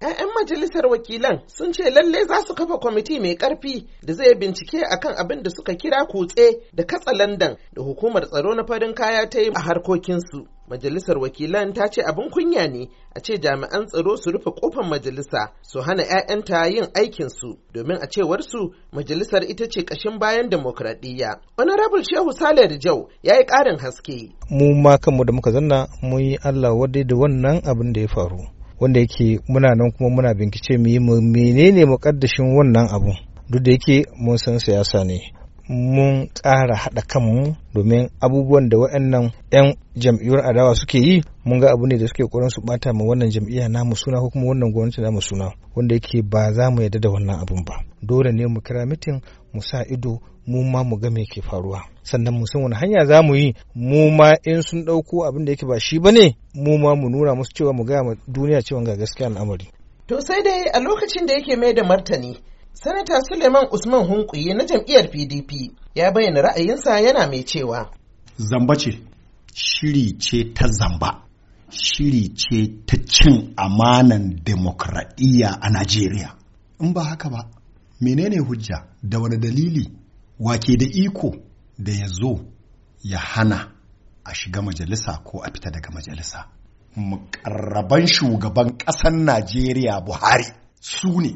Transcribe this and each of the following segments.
'Ya'yan majalisar wakilan sun ce lallai za su kafa kwamiti mai ƙarfi da zai bincike akan abin da suka kira kutse da Katsa-London da hukumar tsaro na farin kaya ta yi a harkokinsu. Majalisar wakilan ta ce abin kunya ne a ce jami'an tsaro su rufe kofar majalisa su hana 'ya'yanta yin aikinsu domin a cewarsu majalisar ita ce ƙashin bayan demokradiyya. Honorable Shehu Saleh Jau ya yi ƙarin haske. Mu ma kanmu da muka zanna mun yi Allah wadai da wannan abin da ya faru. wanda yake muna nan kuma muna bincike mu yi menene muƙaddashin wannan abu duk da yake mun san siyasa ne mun ƙara haɗa kanmu domin abubuwan da waɗannan 'yan jam'iyyar adawa suke yi mun ga abu ne da suke ƙoƙarin su ɓata ma wannan jam'iyya namu suna ko kuma wannan gwamnati namu suna wanda yake ba za mu yarda da wannan abun ba dole ne mu kira mitin mu sa ido mu ma mu ga me ke faruwa sannan mu san wani hanya za mu yi mu ma in sun ɗauko abin da yake ba shi ba ne mu ma mu nuna musu cewa mu gaya ma duniya cewa ga gaskiya al'amari. To sai dai a lokacin da yake mai da martani, Sanata Suleiman Usman Hunkuyi na jam'iyyar PDP ya bayyana ra'ayinsa yana mai cewa. Zamba ce, shiri ce ta zamba, shiri ce ta cin amanan demokradiyya a Najeriya. In ba haka ba, menene hujja da wani dalili wake da iko da ya zo ya hana a shiga majalisa ko a fita daga majalisa mukarraban shugaban ƙasar najeriya buhari su ne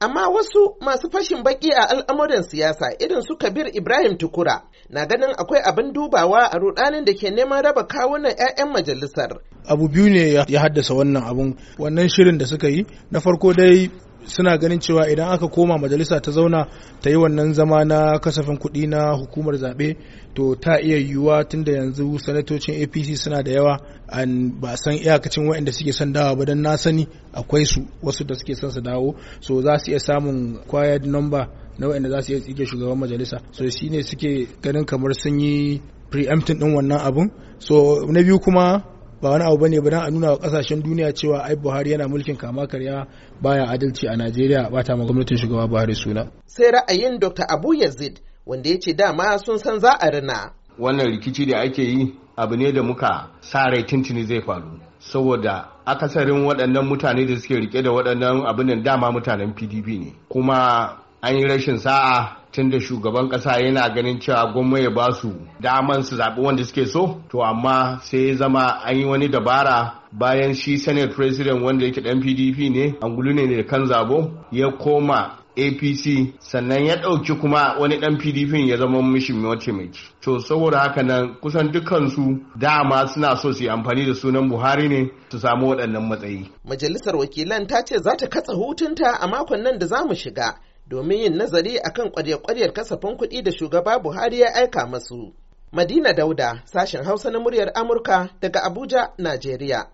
amma wasu masu fashin baƙi a al'amuran siyasa irin su kabir ibrahim tukura na ganin akwai abin dubawa a rudanin da ke neman raba kawunan 'ya'yan majalisar abu biyu ne ya haddasa wannan abun wannan shirin da suka yi na farko dai suna ganin cewa idan aka koma majalisa ta zauna ta yi wannan zama na kasafin kuɗi na hukumar zaɓe to ta iya yiwuwa tunda yanzu sanatocin apc suna da yawa an ba san iyakacin waɗanda suke son dawa ba don na sani akwai su wasu da suke son su dawo so za su iya samun quiet number na waɗanda za su iya tsige shugaban majalisa so shine suke ganin kamar sun yi preempting din wannan abun so na biyu kuma ba wani abu bane ba dan a nuna wa kasashen duniya cewa ai Buhari yana mulkin kama karya baya adalci a Najeriya bata ma gwamnatin shugaba Buhari suna sai ra'ayin Dr. Abu Yazid wanda ya ce dama sun san za a rina wannan rikici da ake yi abu ne da muka sa rai tintini zai faru saboda akasarin waɗannan mutane da suke rike da waɗannan abin dama mutanen PDP ne kuma an yi rashin sa'a da shugaban ƙasa yana ganin cewa gwamnati ya ba su daman su zaɓi wanda suke so to amma sai ya zama an yi wani dabara bayan shi senate president wanda yake dan pdp ne angulu ne da kan zabo ya koma apc sannan ya ɗauki kuma wani ɗan pdp ya zama mishi mataimaki to saboda haka nan kusan dukansu dama suna so su yi amfani da sunan buhari ne su samu waɗannan matsayi majalisar wakilan ta ce za ta katsa hutunta a makon nan da za mu shiga domin yin nazari a kan kwarye-kwaryar kasafin kuɗi da shugaba Buhari ya aika masu. Madina Dauda, sashen Hausa na muryar Amurka daga Abuja, Najeriya.